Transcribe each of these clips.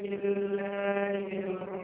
الله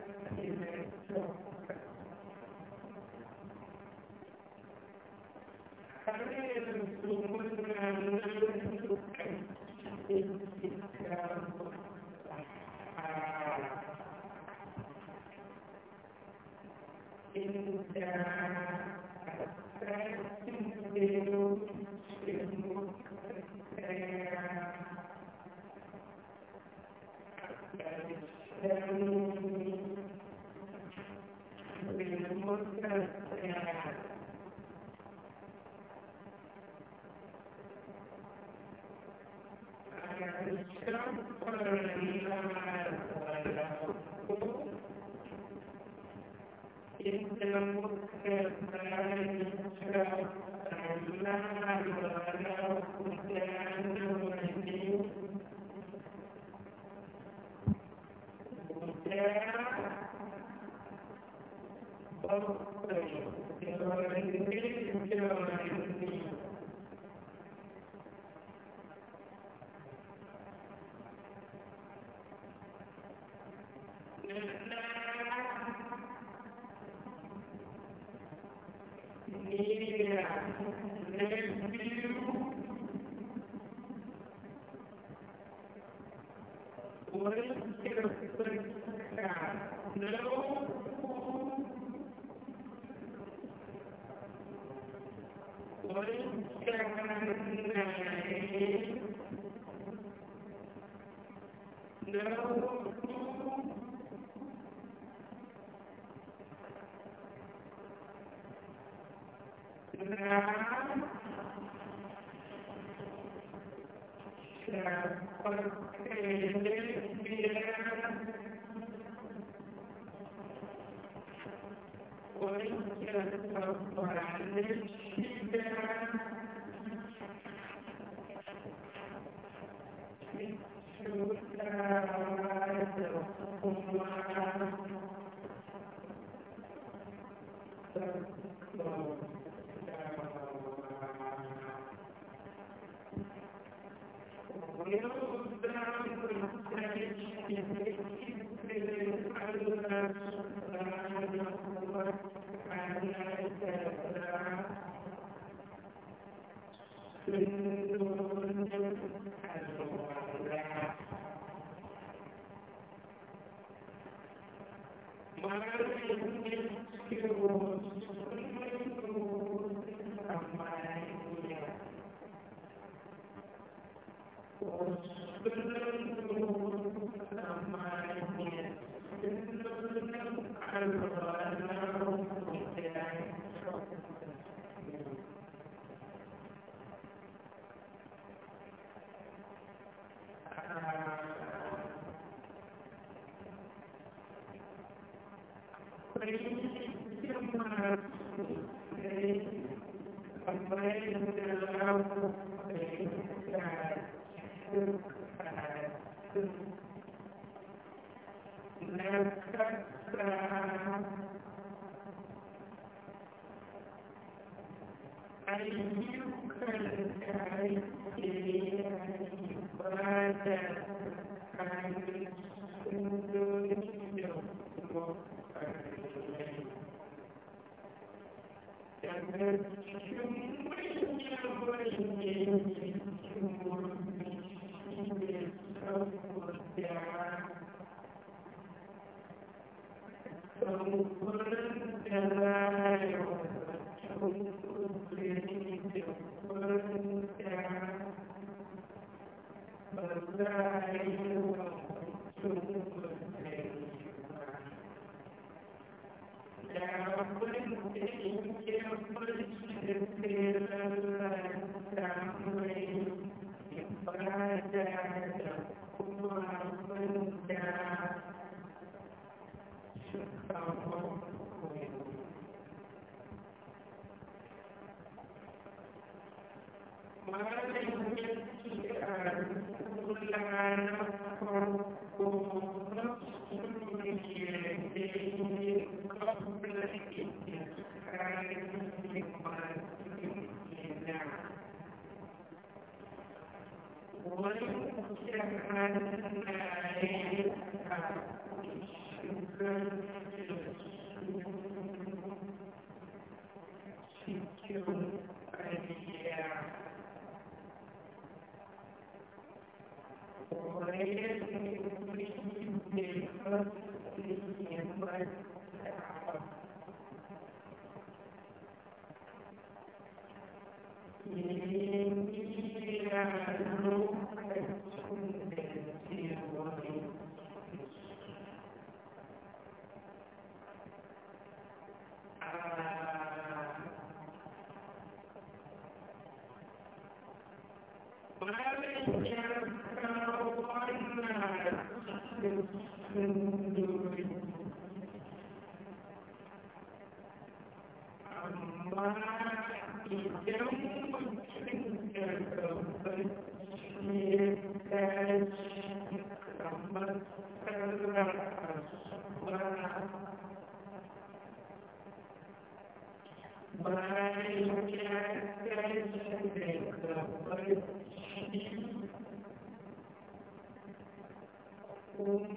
Thank you.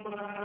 Allah.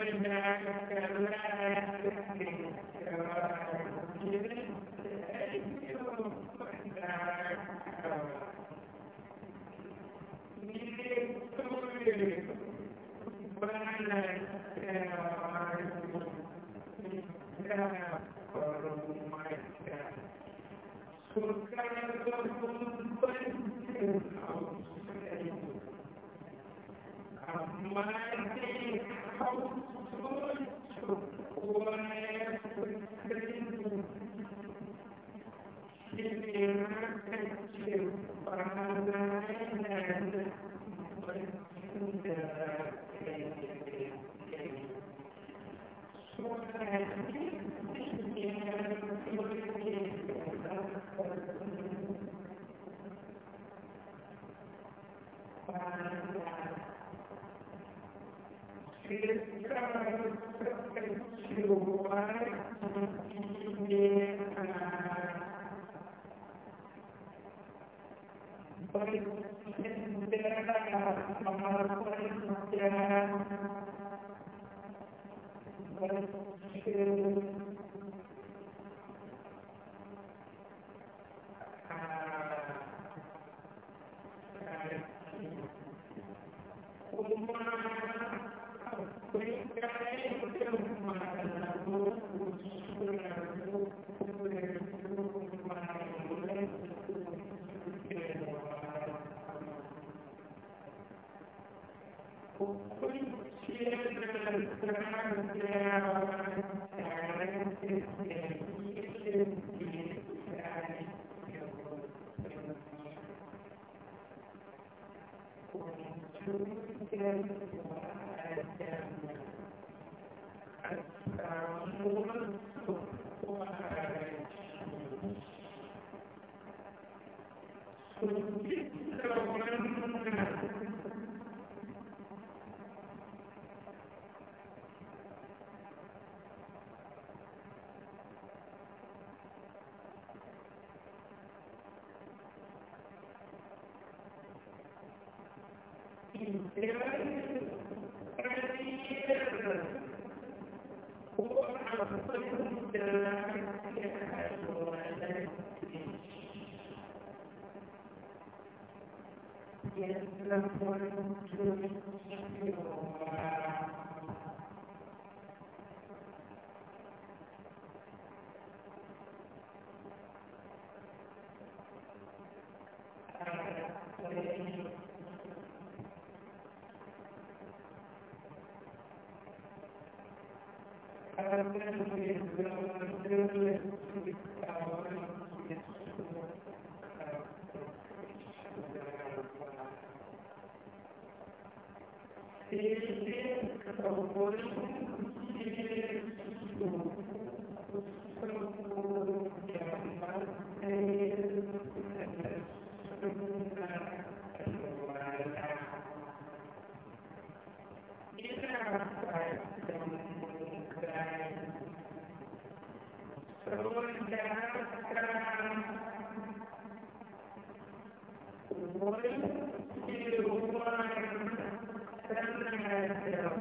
ربنا Thank you.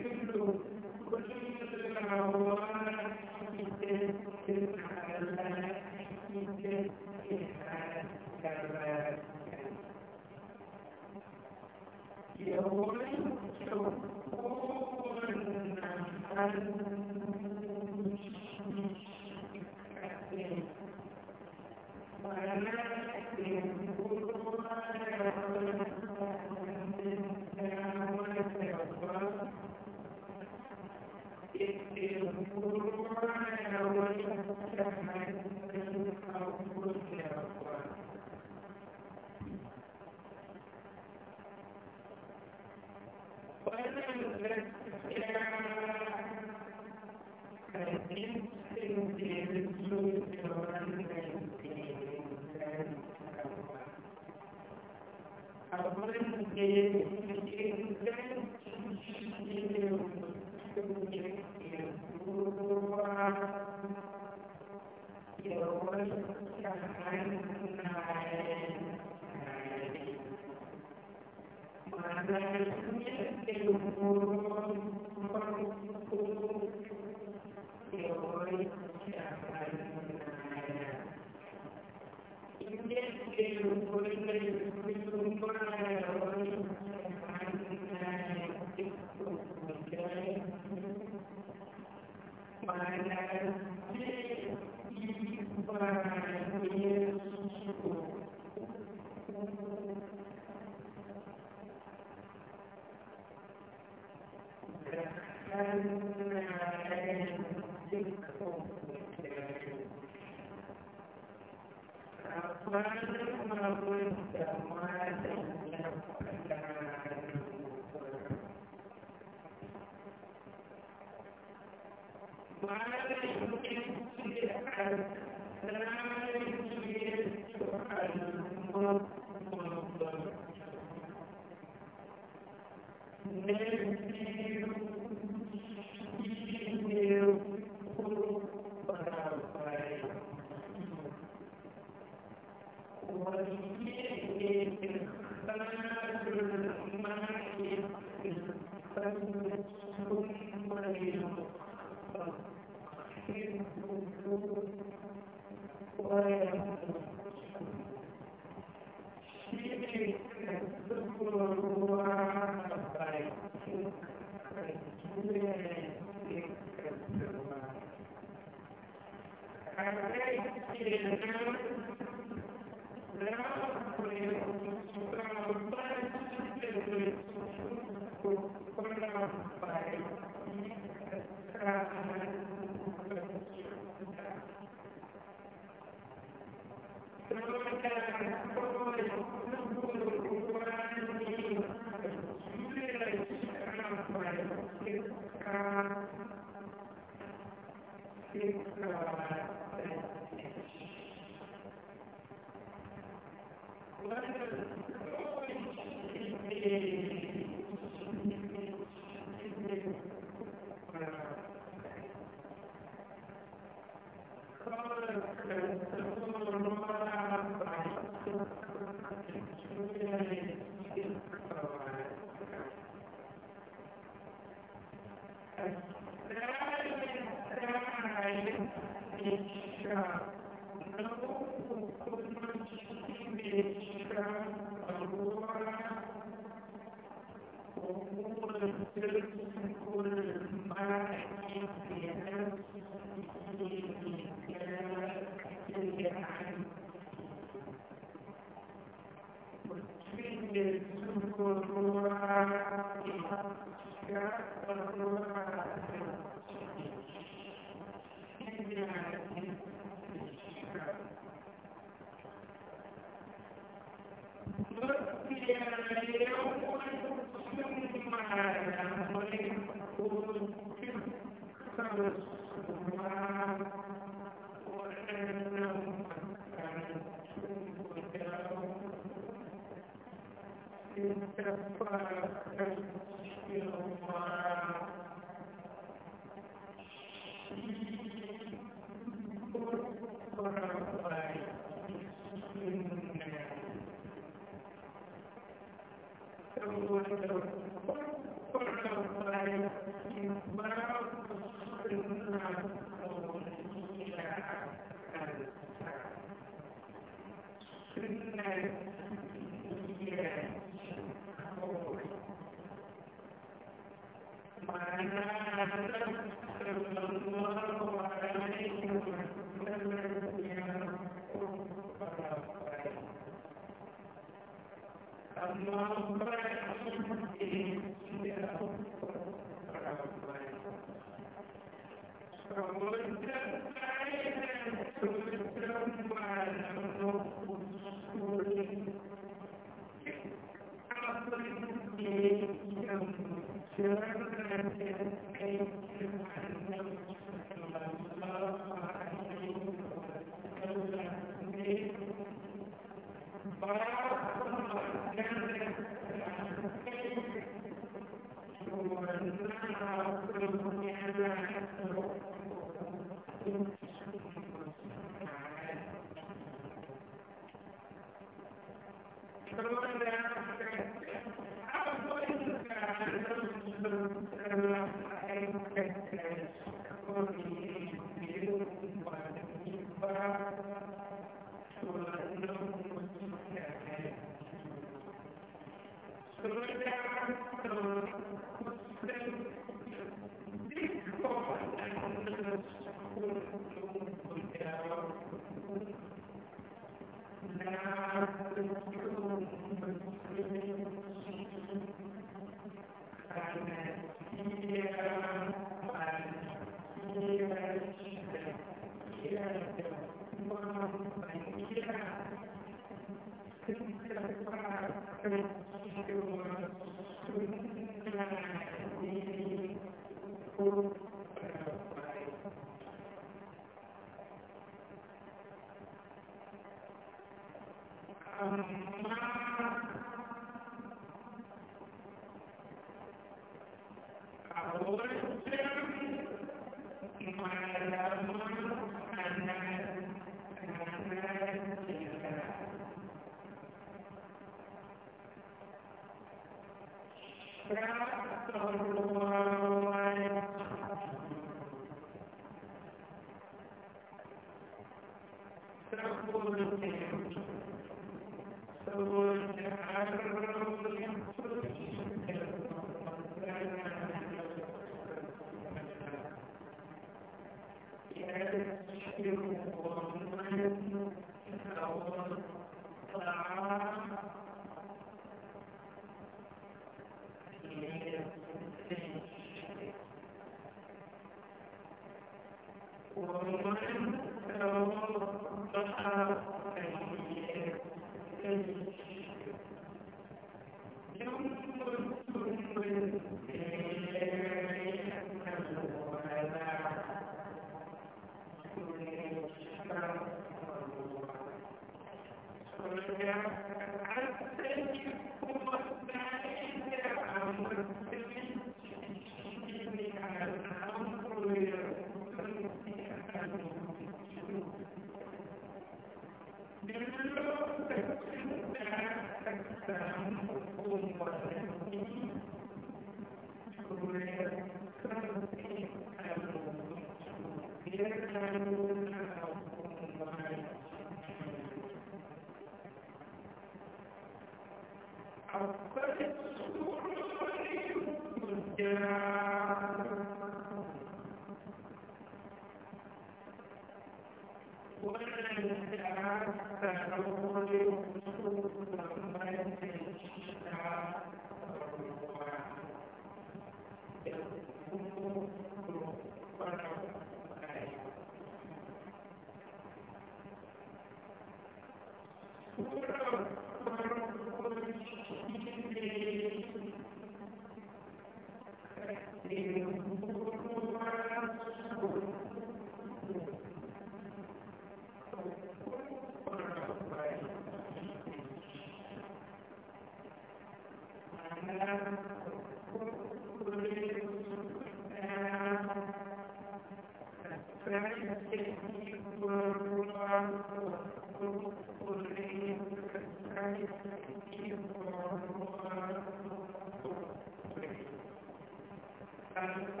Thank you.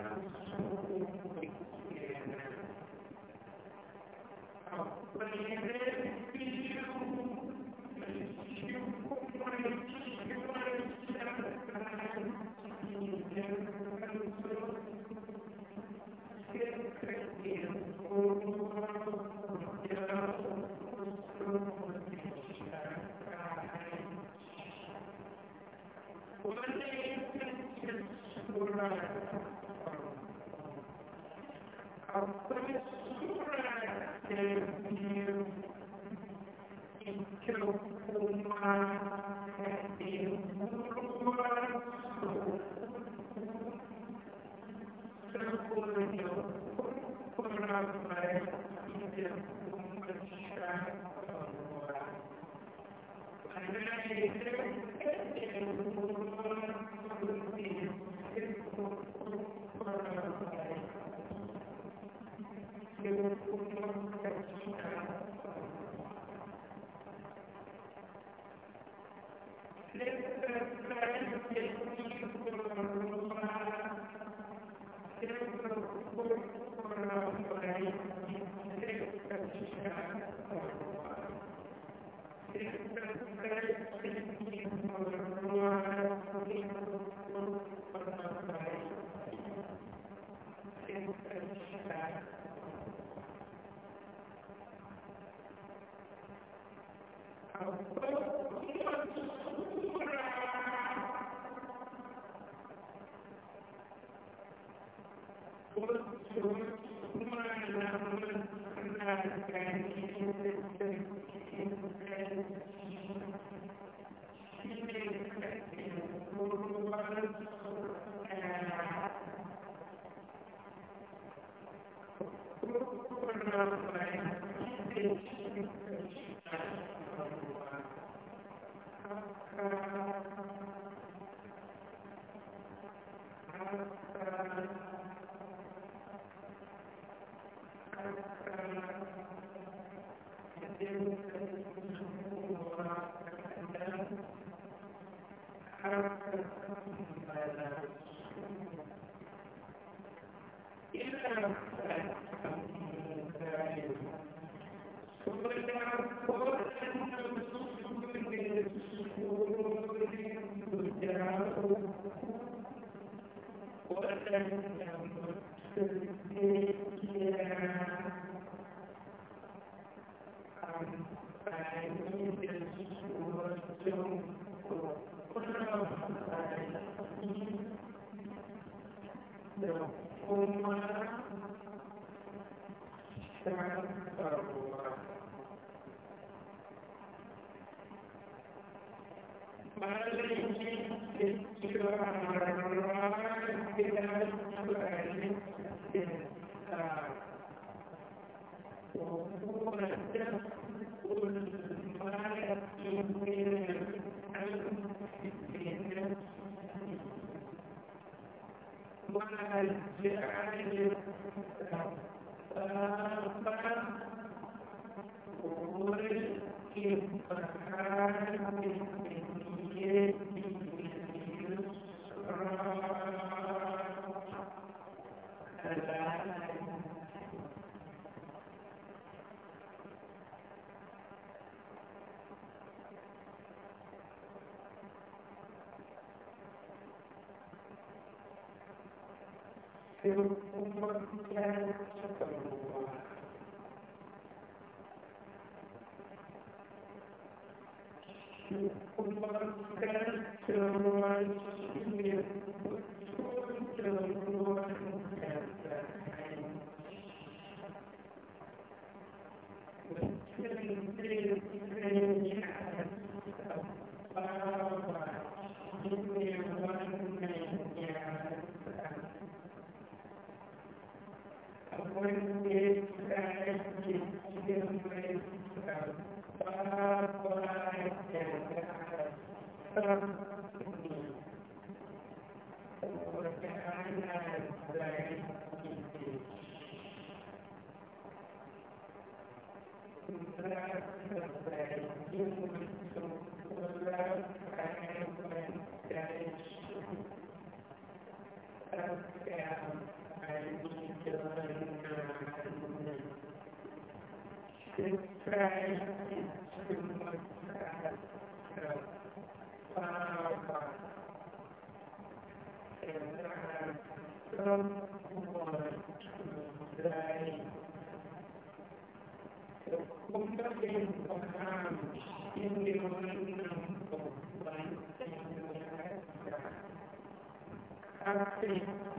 Gracias.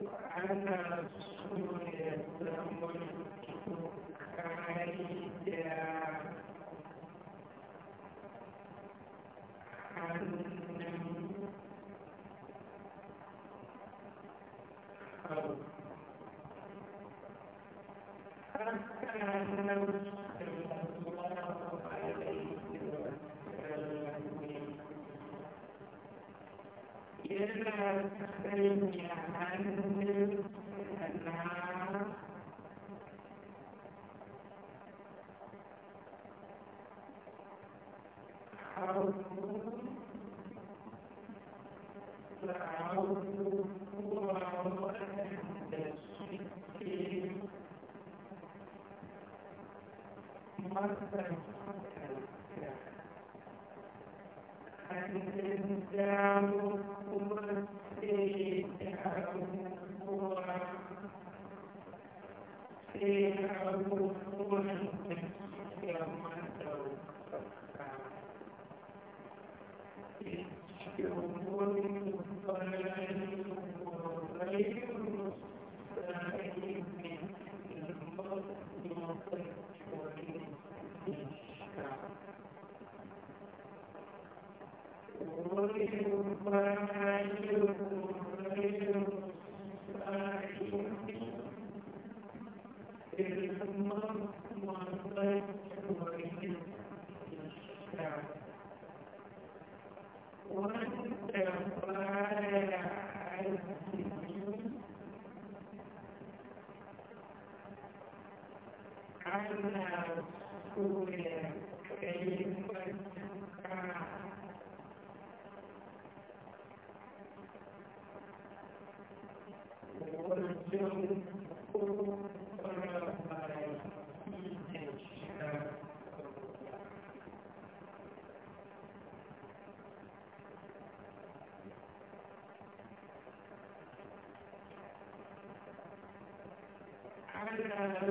وأنا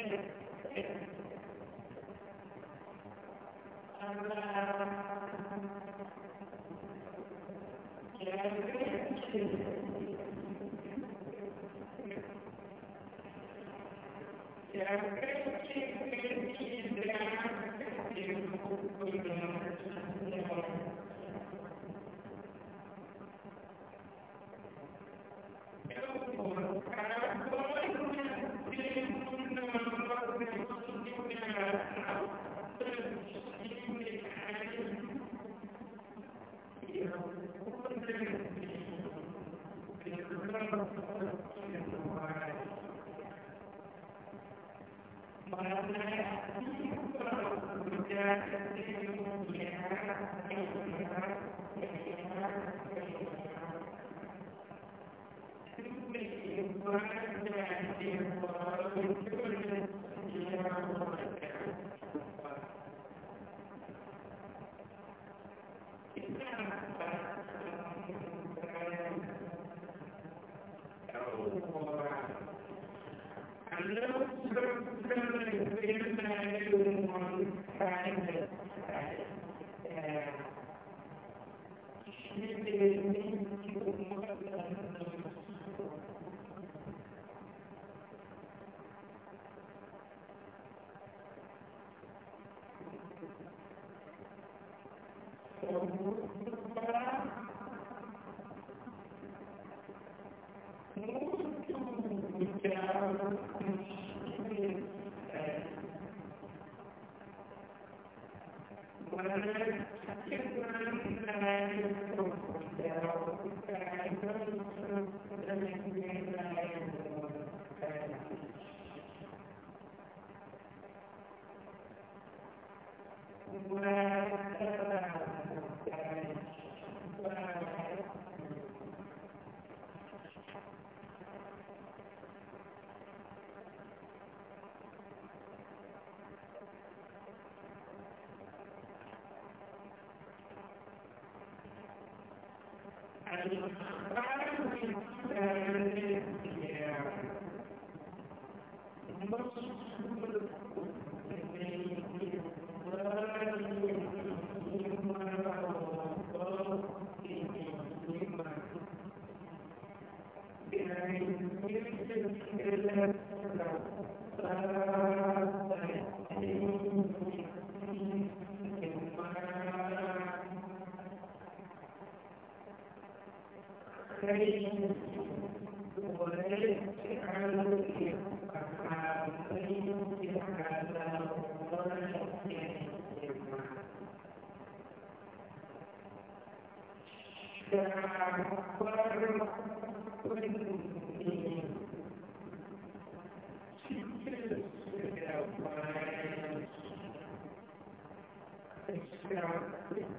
Thank you. Amen. ṣe àwọn ọ̀rẹ́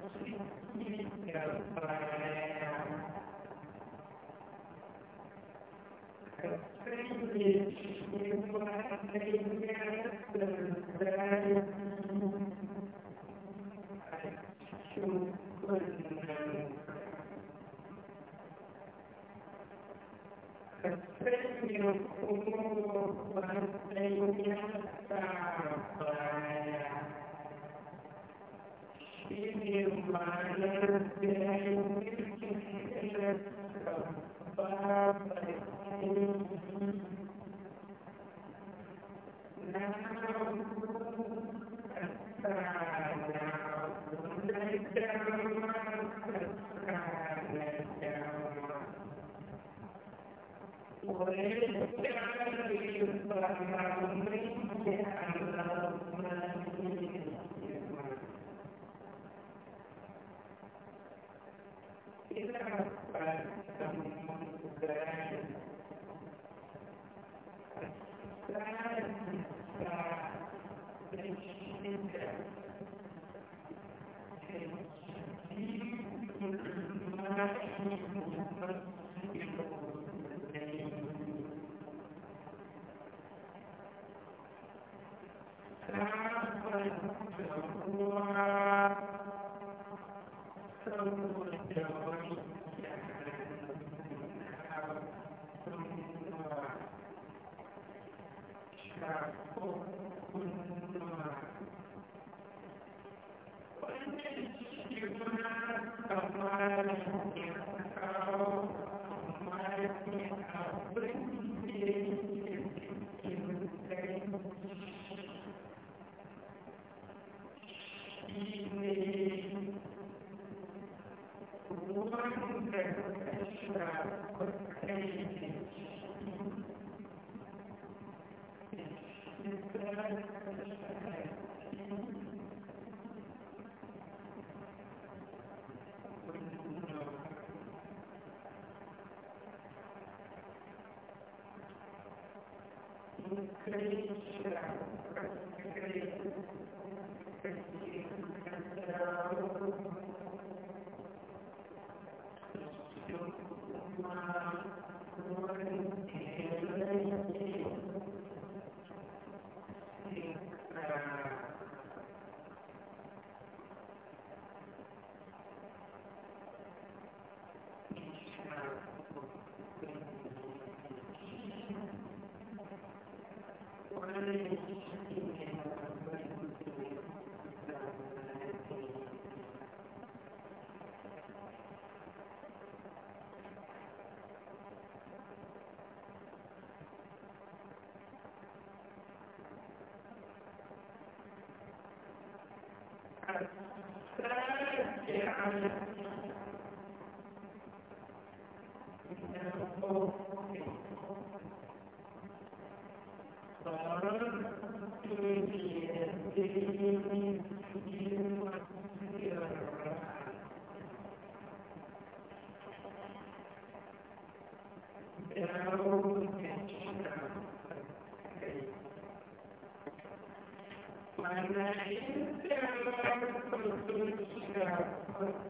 Thank you. فارجعا Thank you.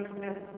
lórí náà.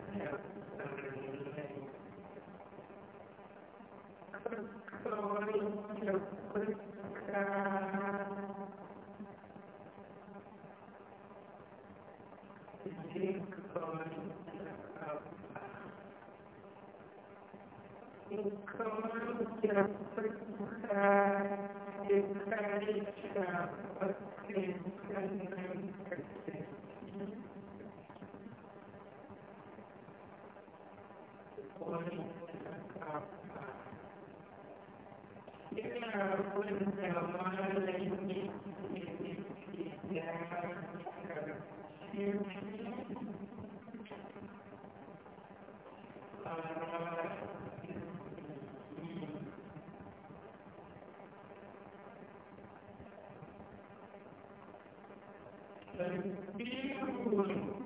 تنبيه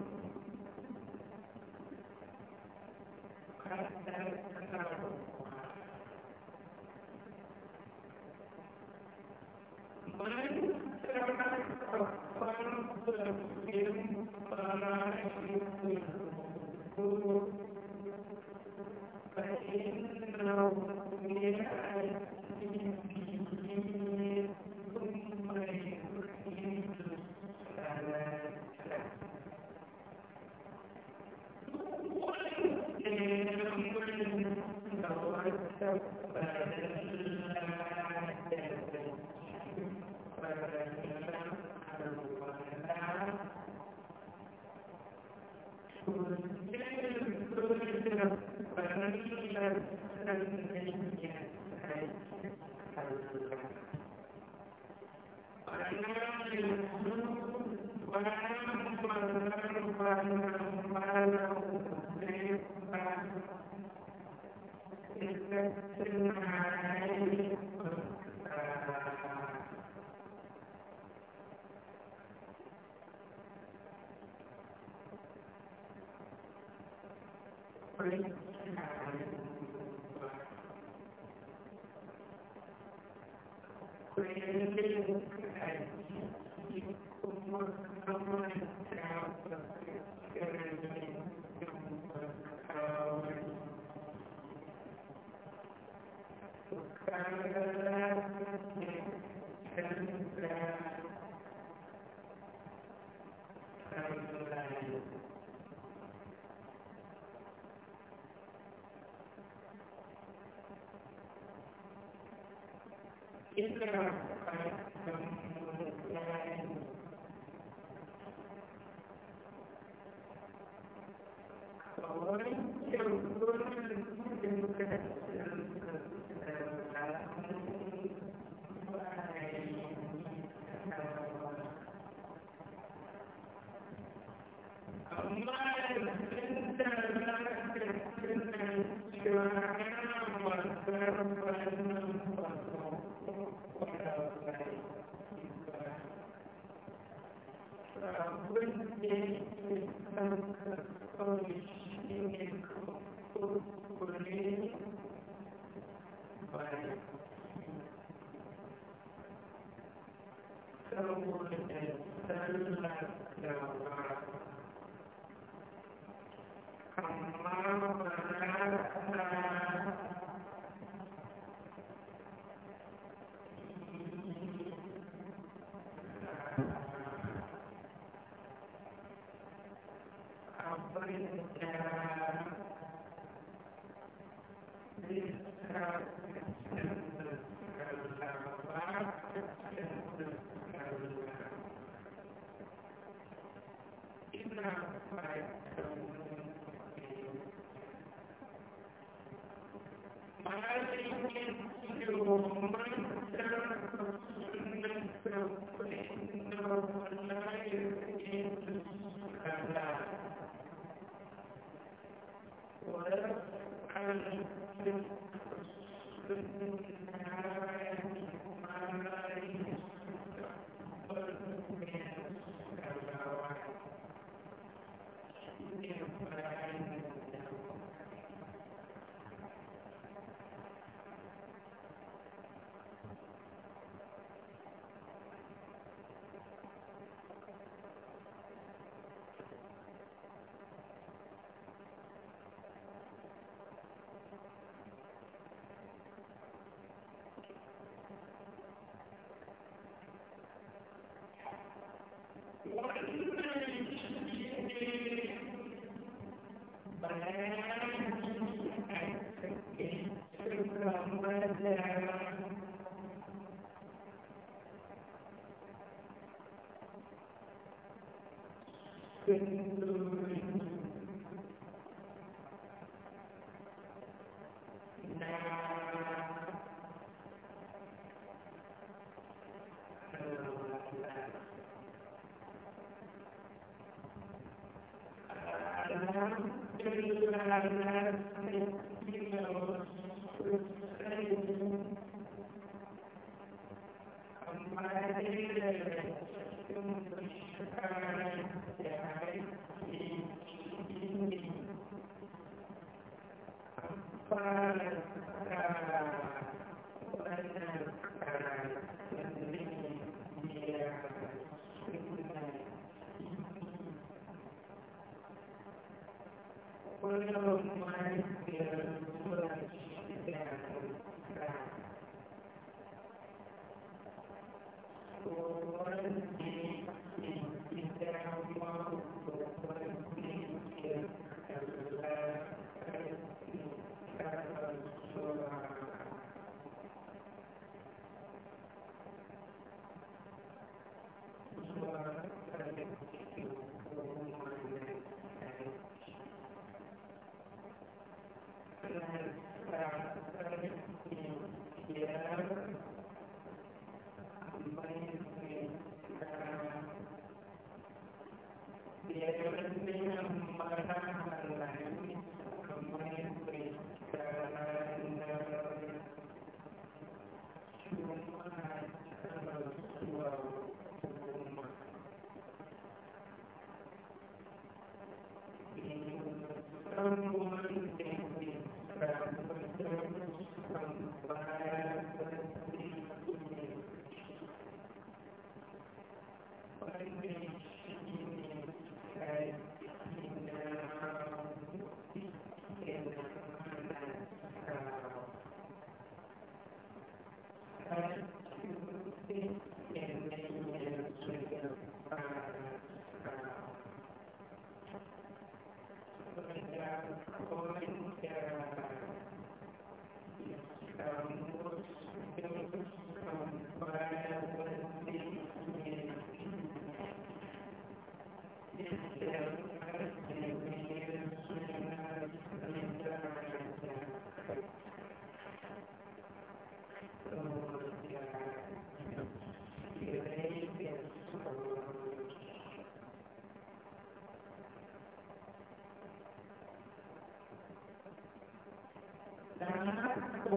pé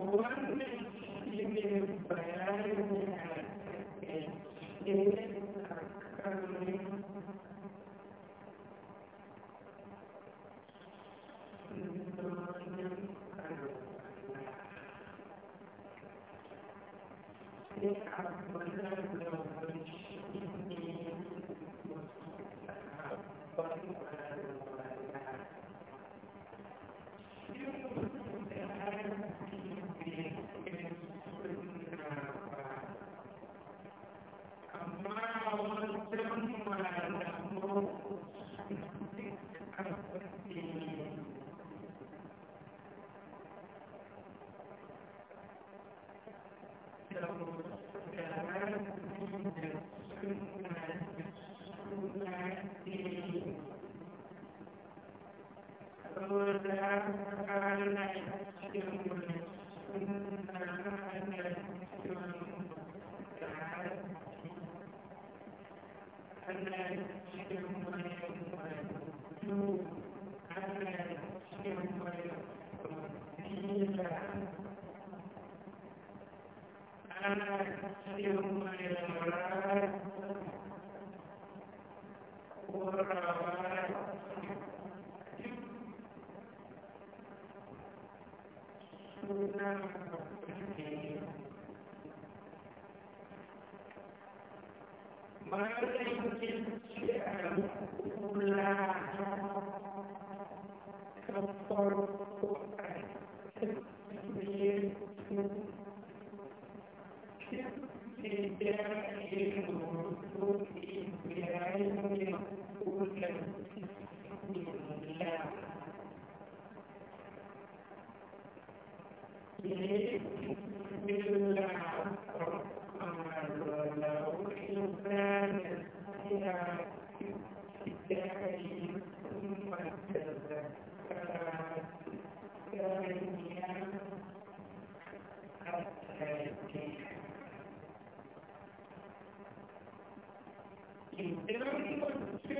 the word Thank you.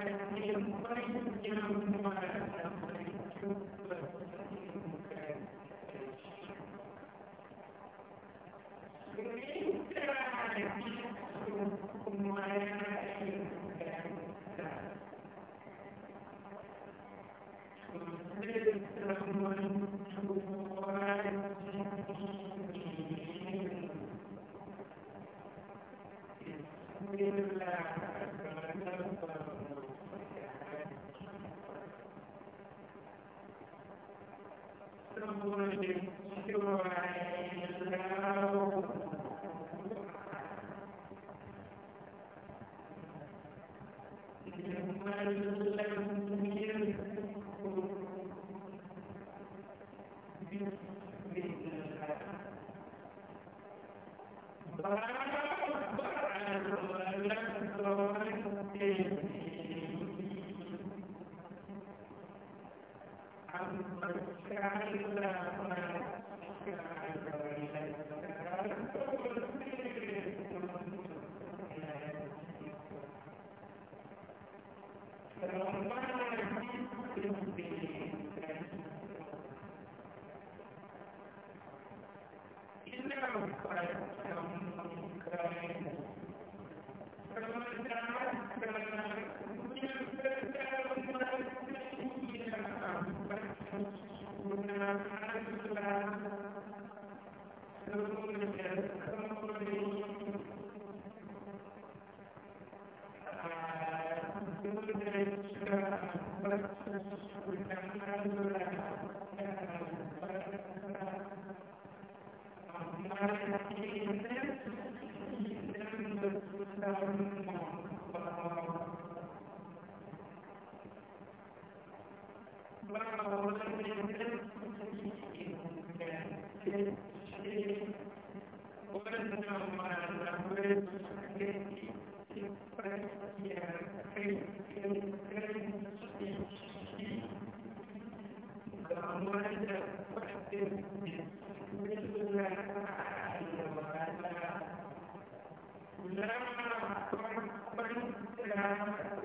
para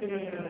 to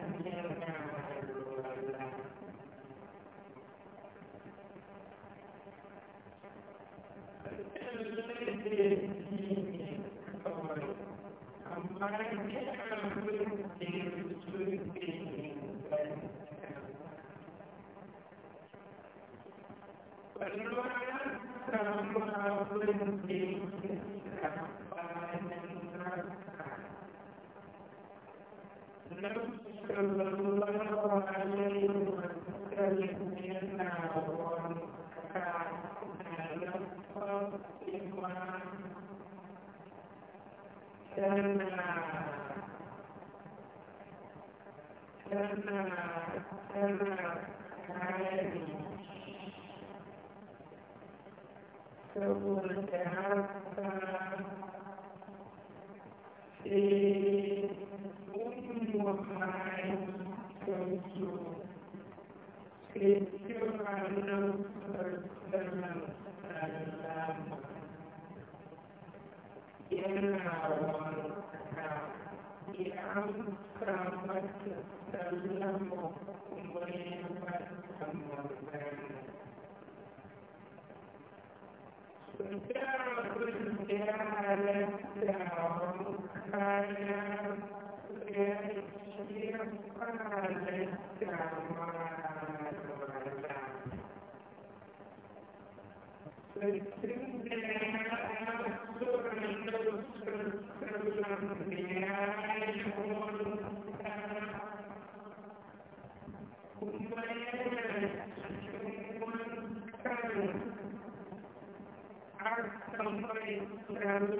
saboda य Thank you.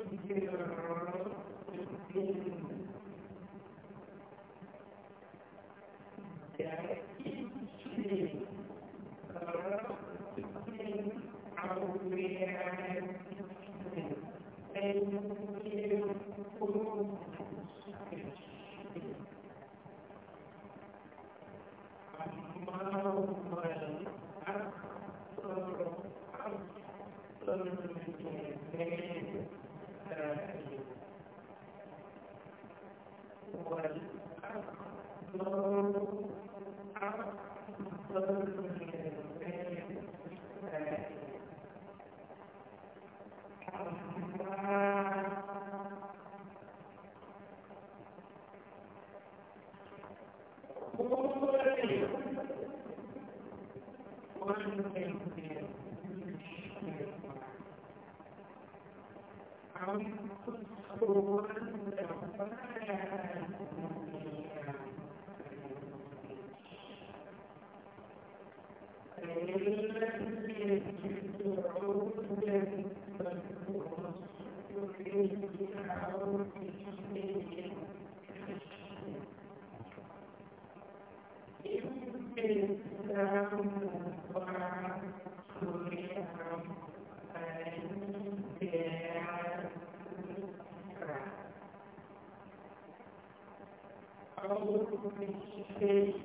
que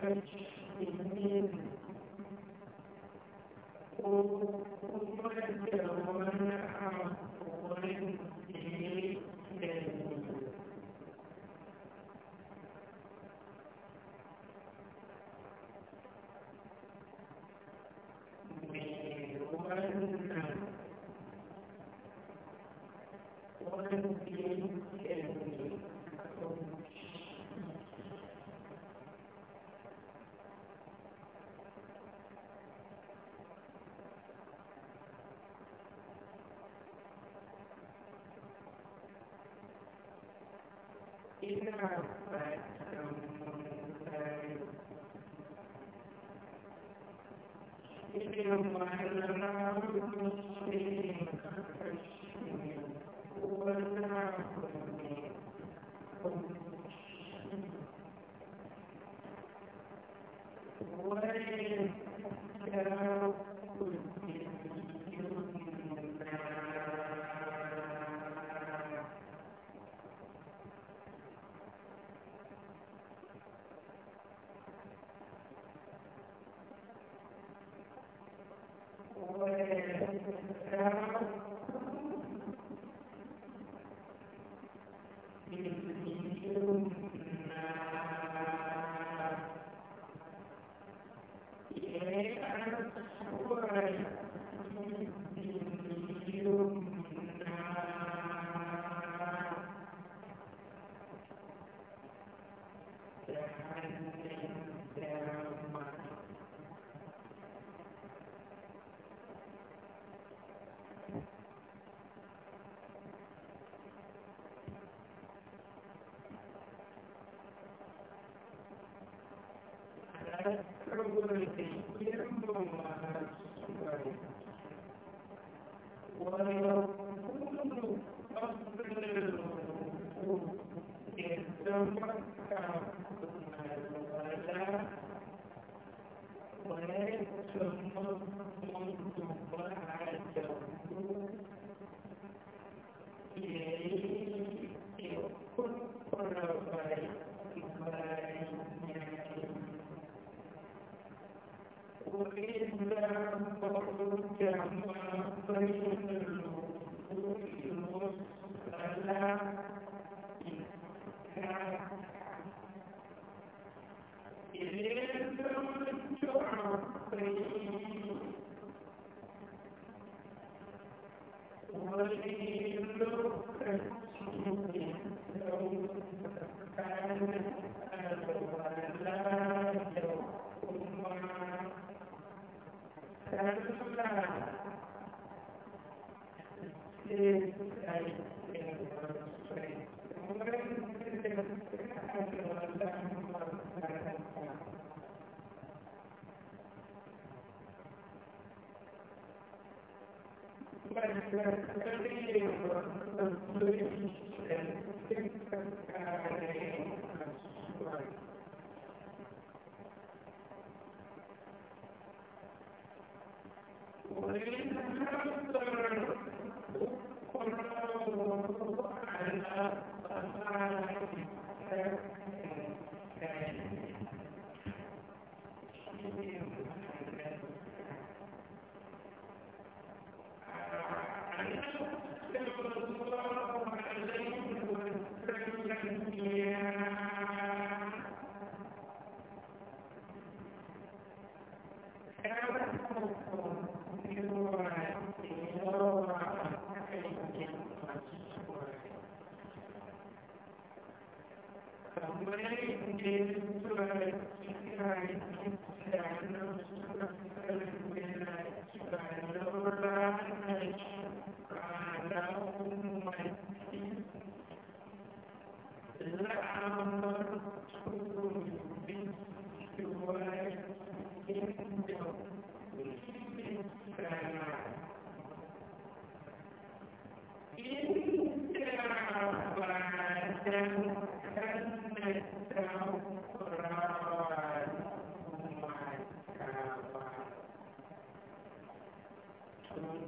Thank you.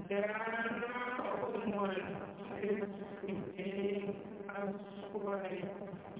down, one, two, three, and sway.